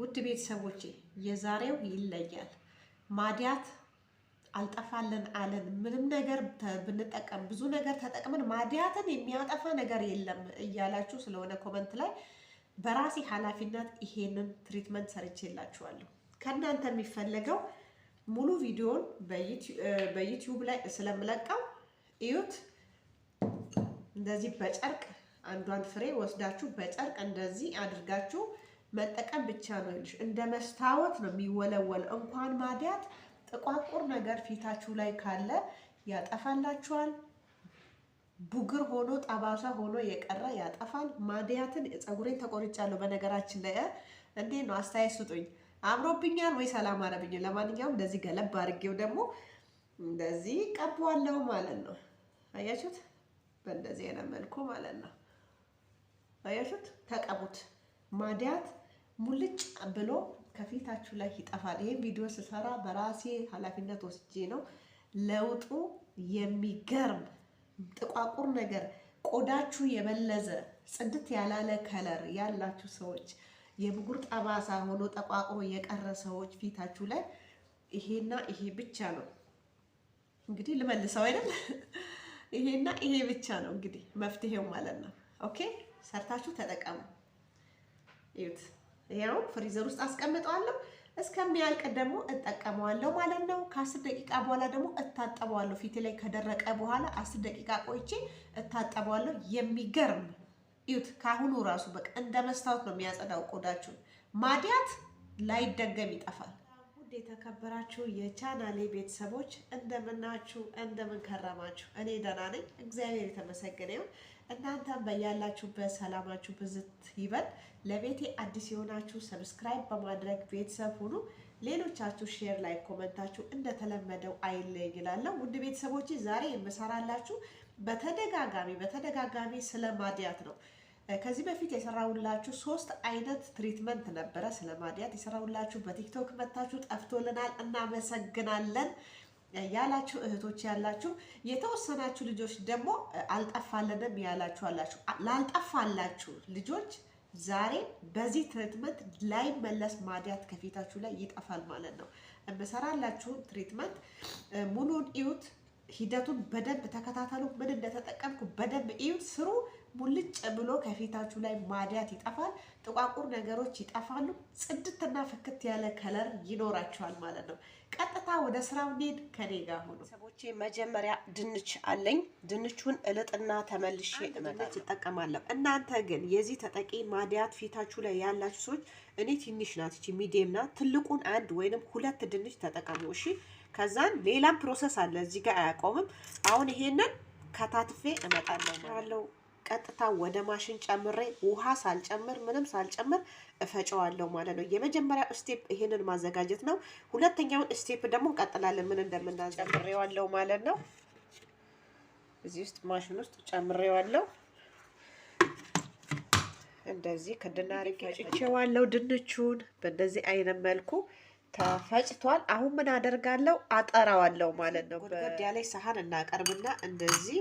ውድ ቤተሰቦቼ የዛሬው ይለያል። ማዲያት አልጠፋለን አለን። ምንም ነገር ብንጠቀም ብዙ ነገር ተጠቅመን ማዲያትን የሚያጠፋ ነገር የለም እያላችሁ ስለሆነ ኮመንት ላይ በራሴ ኃላፊነት ይሄንን ትሪትመንት ሰርቼላችኋለሁ። ከእናንተ የሚፈለገው ሙሉ ቪዲዮን በዩቲዩብ ላይ ስለምለቀው እዩት። እንደዚህ በጨርቅ አንዷን ፍሬ ወስዳችሁ በጨርቅ እንደዚህ አድርጋችሁ መጠቀም ብቻ ነው ይልሽ። እንደ መስታወት ነው የሚወለወል። እንኳን ማዲያት ጥቋቁር ነገር ፊታችሁ ላይ ካለ ያጠፋላችኋል። ቡግር ሆኖ ጠባሳ ሆኖ የቀረ ያጠፋል። ማዲያትን ፀጉሬን ተቆርጫለሁ። በነገራችን ላይ እንዴ ነው አስተያየት ስጡኝ። አምሮብኛል ወይ ሰላም አረብኝ። ለማንኛውም እንደዚህ ገለብ አድርጌው ደግሞ እንደዚህ ቀባዋለሁ ማለት ነው። አያችሁት? በእንደዚህ አይነት መልኩ ማለት ነው። አያችሁት? ተቀቡት ማዲያት ሙልጭ ብሎ ከፊታችሁ ላይ ይጠፋል። ይህም ቪዲዮ ስሰራ በራሴ ኃላፊነት ወስጄ ነው። ለውጡ የሚገርም ጥቋቁር ነገር ቆዳችሁ የበለዘ ጽድት ያላለ ከለር ያላችሁ ሰዎች የብጉር ጠባሳ ሆኖ ጠቋቁሮ የቀረ ሰዎች ፊታችሁ ላይ ይሄና ይሄ ብቻ ነው እንግዲህ ልመልሰው አይደል? ይሄና ይሄ ብቻ ነው እንግዲህ መፍትሄው ማለት ነው። ኦኬ ሰርታችሁ ተጠቀሙ። እዩት። ይኸው ፍሪዘር ውስጥ አስቀምጠዋለሁ። እስከሚያልቅ ደግሞ እጠቀመዋለሁ ማለት ነው። ከአስር ደቂቃ በኋላ ደግሞ እታጠበዋለሁ። ፊቴ ላይ ከደረቀ በኋላ አስር ደቂቃ ቆይቼ እታጠበዋለሁ። የሚገርም እዩት። ከአሁኑ ራሱ በቃ እንደ መስታወት ነው የሚያጸዳው ቆዳችሁን። ማዲያት ላይደገም ይጠፋል። ውድ የተከበራችሁ የቻናሌ ቤተሰቦች እንደምናችሁ፣ እንደምንከረማችሁ። እኔ ደህና ነኝ፣ እግዚአብሔር የተመሰገነ ይሁን። እናንተም በያላችሁበት ሰላማችሁ ብዝት ይበል። ለቤቴ አዲስ የሆናችሁ ሰብስክራይብ በማድረግ ቤተሰብ ሁኑ። ሌሎቻችሁ ሼር ላይ ኮመንታችሁ እንደተለመደው አይለኝ እላለሁ። ውድ ቤተሰቦች ዛሬ የምሰራላችሁ በተደጋጋሚ በተደጋጋሚ ስለ ማድያት ነው። ከዚህ በፊት የሰራውላችሁ ሶስት አይነት ትሪትመንት ነበረ። ስለ ማድያት የሰራውላችሁ በቲክቶክ መታችሁ ጠፍቶልናል፣ እናመሰግናለን። ያላችሁ እህቶች ያላችሁ የተወሰናችሁ ልጆች ደግሞ አልጠፋለንም ያላችሁ አላችሁ። ላልጠፋላችሁ ልጆች ዛሬ በዚህ ትሪትመንት ላይ መለስ ማዲያት ከፊታችሁ ላይ ይጠፋል ማለት ነው። የምሰራላችሁን ትሪትመንት ሙሉን እዩት። ሂደቱን በደንብ ተከታተሉ። ምን እንደተጠቀምኩ በደንብ እዩ፣ ስሩ። ሙልጭ ብሎ ከፊታችሁ ላይ ማዲያት ይጠፋል፣ ጥቋቁር ነገሮች ይጠፋሉ። ጽድትና ፍክት ያለ ከለር ይኖራችኋል ማለት ነው። ቀጥታ ወደ ስራው እንሂድ፣ ከኔ ጋር ሆኖ ሰቦቼ። መጀመሪያ ድንች አለኝ። ድንቹን እልጥና ተመልሼ ድንች እጠቀማለሁ። እናንተ ግን የዚህ ተጠቂ ማዲያት ፊታችሁ ላይ ያላችሁ ሰዎች እኔ ትንሽ ናት እቺ ሚዲየም ናት። ትልቁን አንድ ወይንም ሁለት ድንች ተጠቀሙ እሺ። ከዛን ሌላም ፕሮሰስ አለ እዚህ ጋር አያቆምም። አሁን ይሄንን ከታትፌ እመጣለሁ። ቀጥታ ወደ ማሽን ጨምሬ ውሃ ሳልጨምር ምንም ሳልጨምር እፈጨዋለሁ ማለት ነው። የመጀመሪያው ስቴፕ ይሄንን ማዘጋጀት ነው። ሁለተኛውን ስቴፕ ደግሞ እንቀጥላለን። ምን እንደምናጨምሬዋለሁ ማለት ነው። እዚህ ውስጥ ማሽን ውስጥ ጨምሬዋለሁ። እንደዚህ ክድና አሪፍ ፈጭቼዋለሁ። ድንቹን በእንደዚህ አይነት መልኩ ተፈጭቷል። አሁን ምን አደርጋለሁ? አጠራዋለሁ ማለት ነው። ጎድጓዳ ላይ ሳህን እናቀርብና እንደዚህ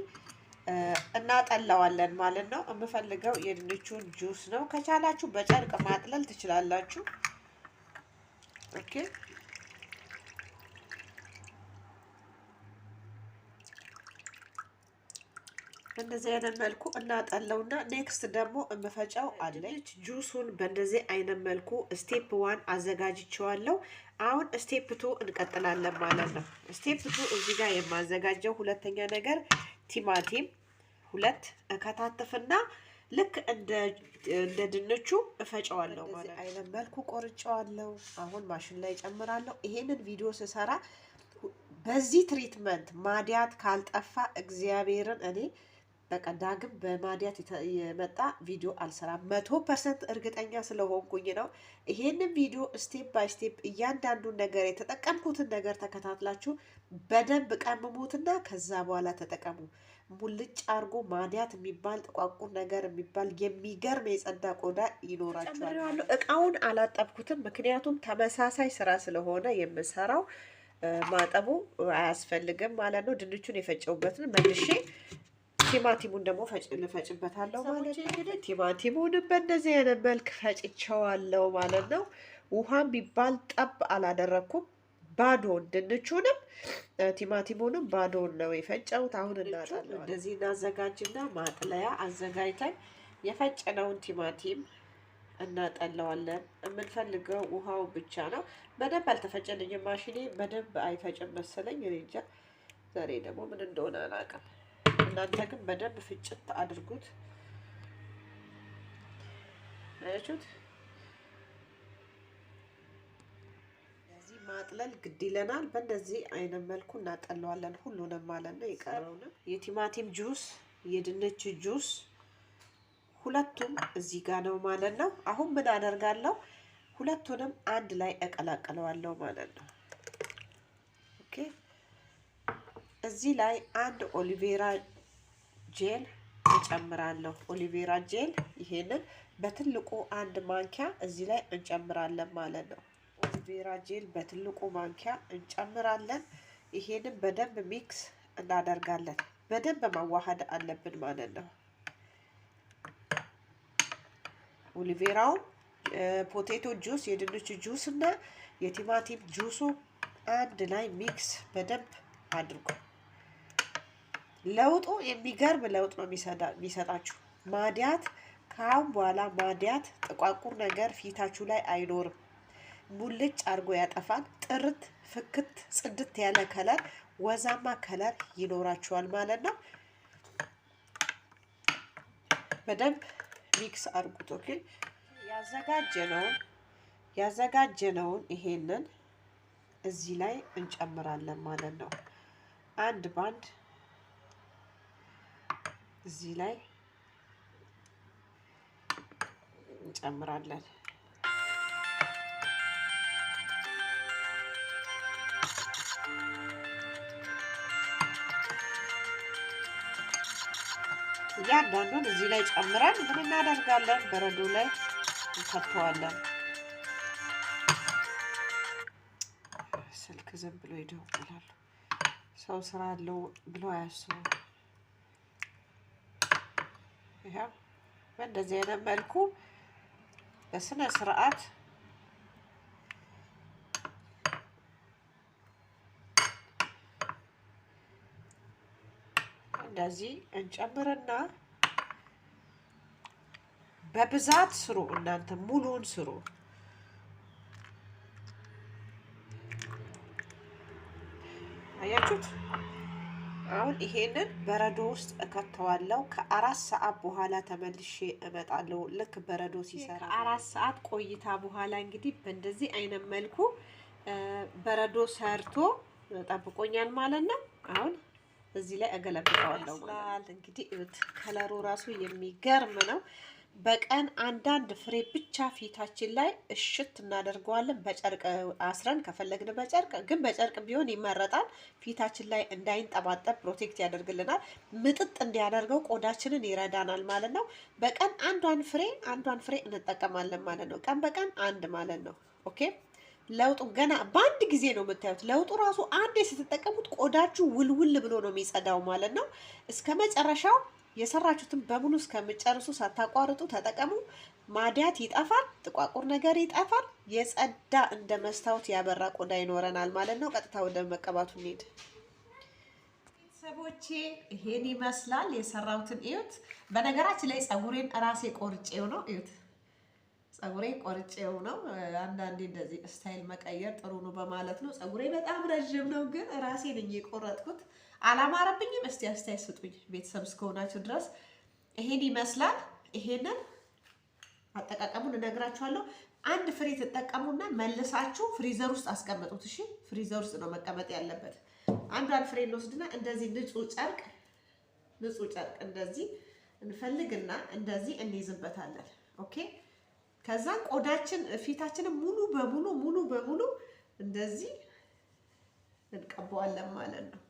እናጠላዋለን ማለት ነው። የምፈልገው የድንቹን ጁስ ነው። ከቻላችሁ በጨርቅ ማጥለል ትችላላችሁ። ኦኬ በእንደዚህ አይነት መልኩ እናጠለውና ኔክስት ደግሞ የምፈጨው አለች። ጁሱን በእንደዚህ አይነት መልኩ ስቴፕ ዋን አዘጋጅቸዋለሁ። አሁን ስቴፕ ቱ እንቀጥላለን ማለት ነው። ስቴፕ ቱ እዚህ ጋር የማዘጋጀው ሁለተኛ ነገር ቲማቲም ሁለት እከታተፍና ልክ እንደ ድንቹ እፈጨዋለሁ ማለት አይነት መልኩ ቆርጨዋለሁ። አሁን ማሽን ላይ ጨምራለሁ። ይሄንን ቪዲዮ ስሰራ በዚህ ትሪትመንት ማዲያት ካልጠፋ እግዚአብሔርን እኔ በቃ ዳግም በማዲያት የመጣ ቪዲዮ አልሰራም። መቶ ፐርሰንት እርግጠኛ ስለሆንኩኝ ነው። ይሄንን ቪዲዮ ስቴፕ ባይ ስቴፕ እያንዳንዱን ነገር የተጠቀምኩትን ነገር ተከታትላችሁ በደንብ ቀምሙትና ከዛ በኋላ ተጠቀሙ። ሙልጭ አርጎ ማዲያት የሚባል ጥቋቁር ነገር የሚባል የሚገርም የጸዳ ቆዳ ይኖራችኋል። እቃውን አላጠብኩትም፣ ምክንያቱም ተመሳሳይ ስራ ስለሆነ የምሰራው ማጠቡ አያስፈልግም ማለት ነው። ድንቹን የፈጨውበትን መልሼ ቲማቲሙን ደግሞ ፈጭበታለሁ ማለት ነው። ቲማቲሙን በእንደዚህ አይነት መልክ ፈጭቸዋለሁ ማለት ነው። ውሃ ቢባል ጠብ አላደረግኩም። ባዶን ድንቹንም ቲማቲሙንም ባዶን ነው የፈጨሁት። አሁን እናጣለን። እንደዚህ እናዘጋጅና ማጥለያ አዘጋጅተን የፈጨነውን ቲማቲም እናጠለዋለን። የምንፈልገው ውሃው ብቻ ነው። በደንብ አልተፈጨልኝም። ማሽኔ በደንብ አይፈጭም መሰለኝ። እኔ እንጃ። ዛሬ ደግሞ ምን እንደሆነ አላውቅም። እናንተ ግን በደንብ ፍጭት አድርጉት። አያችሁት? እዚህ ማጥለል ግድ ይለናል። በእንደዚህ አይነት መልኩ እናጠለዋለን ሁሉንም ማለት ነው። የቀረውንም የቲማቲም ጁስ፣ የድንች ጁስ ሁለቱም እዚህ ጋር ነው ማለት ነው። አሁን ምን አደርጋለሁ? ሁለቱንም አንድ ላይ እቀላቅለዋለሁ ማለት ነው። እዚህ ላይ አንድ ኦሊቬራ ጄል እንጨምራለሁ። ኦሊቬራ ጄል ይሄንን በትልቁ አንድ ማንኪያ እዚህ ላይ እንጨምራለን ማለት ነው። ኦሊቬራ ጄል በትልቁ ማንኪያ እንጨምራለን። ይሄንን በደንብ ሚክስ እናደርጋለን። በደንብ ማዋሃድ አለብን ማለት ነው። ኦሊቬራው ፖቴቶ ጁስ፣ የድንች ጁስ እና የቲማቲም ጁሱ አንድ ላይ ሚክስ በደንብ አድርጓል ለውጡ የሚገርም ለውጥ ነው የሚሰጣችሁ። ማዲያት ከአሁን በኋላ ማዲያት፣ ጥቋቁር ነገር ፊታችሁ ላይ አይኖርም። ሙልጭ አድርጎ ያጠፋል። ጥርት ፍክት ጽድት ያለ ከለር፣ ወዛማ ከለር ይኖራችኋል ማለት ነው። በደንብ ሚክስ አድርጉት። ኦኬ ያዘጋጀነውን ያዘጋጀነውን ይሄንን እዚህ ላይ እንጨምራለን ማለት ነው አንድ ባንድ እዚህ ላይ እንጨምራለን። እያንዳንዱን እዚህ ላይ ጨምረን ምን እናደርጋለን? በረዶ ላይ እንከተዋለን። ስልክ ዝም ብሎ ይደውላሉ። ሰው ስራ አለው ብሎ አያስቡ። ይኸው በእንደዚህ አይነት መልኩ በስነ ስርዓት እንደዚህ እንጨምርና በብዛት ስሩ። እናንተ ሙሉውን ስሩ። አያችሁት? አሁን ይሄንን በረዶ ውስጥ እከተዋለው። ከአራት ሰዓት በኋላ ተመልሼ እመጣለሁ። ልክ በረዶ ሲሰራ ከአራት ሰዓት ቆይታ በኋላ እንግዲህ በእንደዚህ አይነት መልኩ በረዶ ሰርቶ ጠብቆኛል ማለት ነው። አሁን እዚህ ላይ እገለብጠዋለሁ ማለት እንግዲህ ከለሩ ራሱ የሚገርም ነው። በቀን አንዳንድ ፍሬ ብቻ ፊታችን ላይ እሽት እናደርገዋለን። በጨርቅ አስረን ከፈለግን በጨርቅ ግን በጨርቅ ቢሆን ይመረጣል። ፊታችን ላይ እንዳይንጠባጠብ ፕሮቴክት ያደርግልናል። ምጥጥ እንዲያደርገው ቆዳችንን ይረዳናል ማለት ነው። በቀን አንዷን ፍሬ አንዷን ፍሬ እንጠቀማለን ማለት ነው። ቀን በቀን አንድ ማለት ነው። ኦኬ ለውጡ ገና በአንድ ጊዜ ነው የምታዩት። ለውጡ ራሱ አንዴ ስትጠቀሙት ቆዳችሁ ውልውል ብሎ ነው የሚጸዳው ማለት ነው እስከ መጨረሻው የሰራችሁትን በሙሉ እስከምጨርሱ ሳታቋርጡ ተጠቀሙ። ማዲያት ይጠፋል፣ ጥቋቁር ነገር ይጠፋል። የጸዳ እንደ መስታወት ያበራ ቆዳ ይኖረናል ማለት ነው። ቀጥታ ወደ መቀባቱ እንሂድ። ቤተሰቦቼ ይሄን ይመስላል። የሰራሁትን እዩት። በነገራችን ላይ ጸጉሬን ራሴ ቆርጬው ነው። እዩት ፀጉሬ ቆርጬው ነው። አንዳንዴ እንደዚህ ስታይል መቀየር ጥሩ ነው በማለት ነው። ፀጉሬ በጣም ረዥም ነው፣ ግን ራሴ ነኝ የቆረጥኩት። አላማረብኝም። እስቲ አስተያየት ስጡኝ ቤተሰብ እስከሆናችሁ ድረስ። ይሄን ይመስላል። ይሄንን አጠቃቀሙን እነግራችኋለሁ። አንድ ፍሬ ትጠቀሙና መልሳችሁ ፍሪዘር ውስጥ አስቀምጡት። እሺ፣ ፍሪዘር ውስጥ ነው መቀመጥ ያለበት። አንዷን ፍሬ እንወስድና እንደዚህ ንጹህ ጨርቅ ንጹህ ጨርቅ እንደዚህ እንፈልግና እንደዚህ እንይዝበታለን። ኦኬ ከዛ ቆዳችን ፊታችንን ሙሉ በሙሉ ሙሉ በሙሉ እንደዚህ እንቀባዋለን ማለት ነው።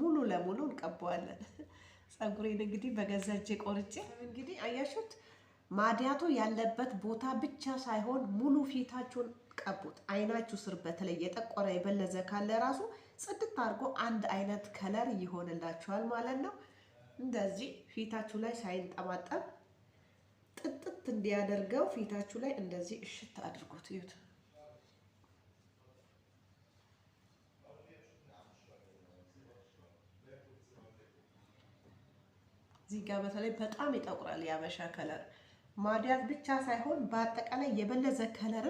ሙሉ ለሙሉ እንቀባዋለን። ፀጉሬን እንግዲህ በገዛ እጄ ቆርጬ እንግዲህ አያሹት። ማዲያቶ ያለበት ቦታ ብቻ ሳይሆን ሙሉ ፊታችሁን ቀቡት። አይናችሁ ስር በተለይ የጠቆረ የበለዘ ካለ ራሱ ጽድት አድርጎ አንድ አይነት ከለር ይሆንላችኋል ማለት ነው። እንደዚህ ፊታችሁ ላይ ሳይንጠባጠብ ጥጥት እንዲያደርገው ፊታችሁ ላይ እንደዚህ እሽት አድርጉት። ይሁት እዚህ ጋር በተለይ በጣም ይጠቁራል የአበሻ ከለር ማዲያት ብቻ ሳይሆን በአጠቃላይ የበለዘ ከለር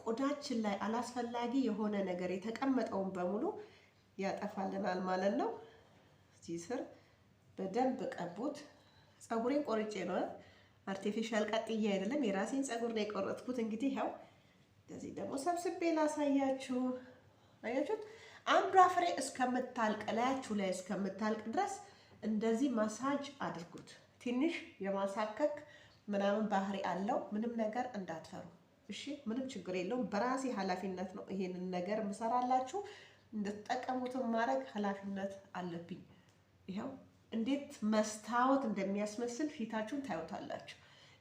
ቆዳችን ላይ አላስፈላጊ የሆነ ነገር የተቀመጠውን በሙሉ ያጠፋልናል ማለት ነው እዚህ ስር በደንብ ቀቡት። ፀጉሬን ቆርጬ ነው አርቲፊሻል ቀጥዬ አይደለም፣ የራሴን ፀጉር ነው የቆረጥኩት። እንግዲህ ያው እንደዚህ ደግሞ ሰብስቤ ላሳያችሁ። አያችሁት? አንዷ ፍሬ እስከምታልቅ ላያችሁ ላይ እስከምታልቅ ድረስ እንደዚህ ማሳጅ አድርጉት። ትንሽ የማሳከክ ምናምን ባህሪ አለው። ምንም ነገር እንዳትፈሩ እሺ። ምንም ችግር የለውም። በራሴ ኃላፊነት ነው ይሄንን ነገር ምሰራላችሁ። እንድትጠቀሙትን ማድረግ ኃላፊነት አለብኝ። ይኸው እንዴት መስታወት እንደሚያስመስል ፊታችሁን ታዩታላችሁ።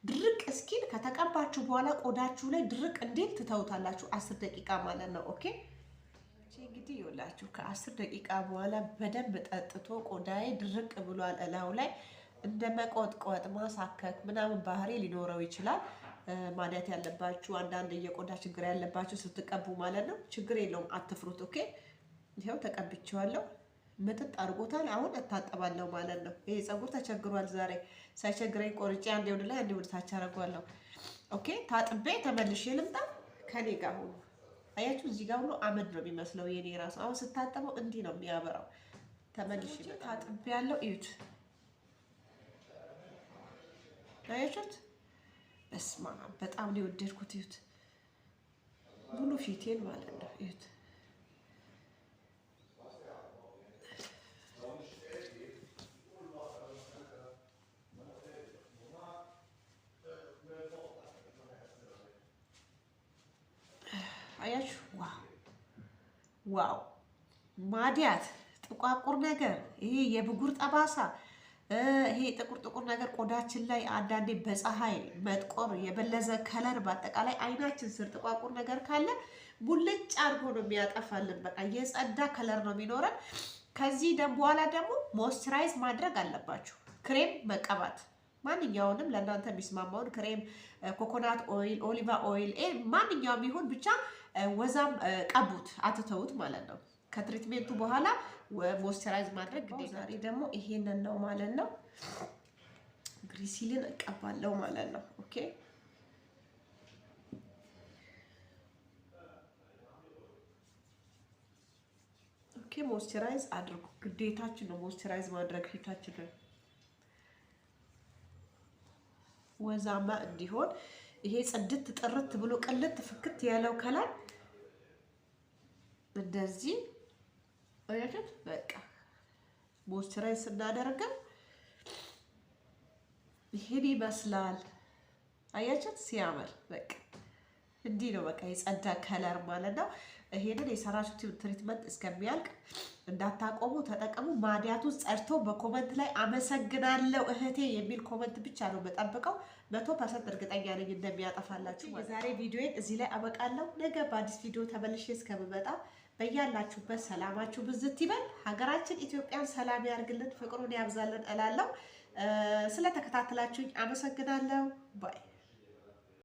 ድርቅ እስኪል ከተቀባችሁ በኋላ ቆዳችሁ ላይ ድርቅ እንዴት ትተውታላችሁ? አስር ደቂቃ ማለት ነው። ኦኬ እንግዲህ ይውላችሁ ከአስር ደቂቃ በኋላ በደንብ ጠጥቶ ቆዳዬ ድርቅ ብሏል። እላው ላይ እንደ መቆጥቆጥ ማሳከክ ምናምን ባህሪ ሊኖረው ይችላል። ማለት ያለባችሁ አንዳንድ የቆዳ ችግር ያለባችሁ ስትቀቡ ማለት ነው። ችግር የለውም፣ አትፍሩት። ኦኬ ይኸው ተቀብቼዋለሁ። ምጥጥ አድርጎታል። አሁን እታጠባለሁ ማለት ነው። ይሄ ፀጉር ተቸግሯል። ዛሬ ሳይቸግረኝ ቆርጬ አንዴ ወደ ላይ አንዴ ወደ ታች አደርገዋለሁ። ኦኬ ታጥቤ ተመልሼ ልምጣ። ከኔ ጋር ሁኑ። አያችሁ፣ እዚህ ጋር ሁሉ አመድ ነው የሚመስለው የኔ ራሱ። አሁን ስታጠበው እንዲህ ነው የሚያበራው። ተመልሼ ታጥቤ ያለው እዩት። አያችሁት? በስመ አብ በጣም ነው የወደድኩት። እዩት፣ ሙሉ ፊቴን ማለት ነው። እዩት አያችሁ፣ ዋው ዋው! ማዲያት፣ ጥቋቁር ነገር ይሄ የብጉር ጠባሳ ይሄ ጥቁር ጥቁር ነገር ቆዳችን ላይ አንዳንዴ በፀሐይ መጥቆር የበለዘ ከለር በአጠቃላይ አይናችን ስር ጥቋቁር ነገር ካለ ቡልጭ አድርጎ ነው የሚያጠፋልን። በቃ የጸዳ ከለር ነው የሚኖረን። ከዚህ በኋላ ደግሞ ሞይስቸራይዝ ማድረግ አለባችሁ፣ ክሬም መቀባት ማንኛውንም ለእናንተ የሚስማማውን ክሬም፣ ኮኮናት ኦይል፣ ኦሊቫ ኦይል ማንኛውም ይሁን ብቻ ወዛም ቀቡት፣ አትተውት ማለት ነው። ከትሪትሜንቱ በኋላ ሞስቸራይዝ ማድረግ ግዴታ። ዛሬ ደግሞ ይሄንን ነው ማለት ነው። ግሪሲልን እቀባለው ማለት ነው። ኦኬ ኦኬ። አድርጉ፣ ግዴታችን ነው። ሞስቸራይዝ ማድረግ ፊታችን ነው። ወዛማ እንዲሆን ይሄ ጽድት ጥርት ብሎ ቅልት ፍክት ያለው ከላይ እንደዚህ አያችሁት። በቃ ሞይስቸራይዝ ስናደርገው ይሄን ይመስላል። አያችሁት ሲያምር። በቃ እንዲህ ነው። በቃ የጸዳ ከለር ማለት ነው። ይሄንን የሰራችሁት ትሪትመንት እስከሚያልቅ እንዳታቆሙ ተጠቀሙ። ማዲያቱ ጸድቶ በኮመንት ላይ አመሰግናለሁ እህቴ የሚል ኮመንት ብቻ ነው የምጠብቀው። መቶ ፐርሰንት እርግጠኛ ነኝ እንደሚያጠፋላችሁ። የዛሬ ቪዲዮን እዚህ ላይ አበቃለሁ። ነገ በአዲስ ቪዲዮ ተመልሼ እስከምመጣ በያላችሁበት ሰላማችሁ ብዝት ይበል። ሀገራችን ኢትዮጵያን ሰላም ያርግልን፣ ፍቅሩን ያብዛልን እላለሁ። ስለተከታተላችሁኝ አመሰግናለሁ ባይ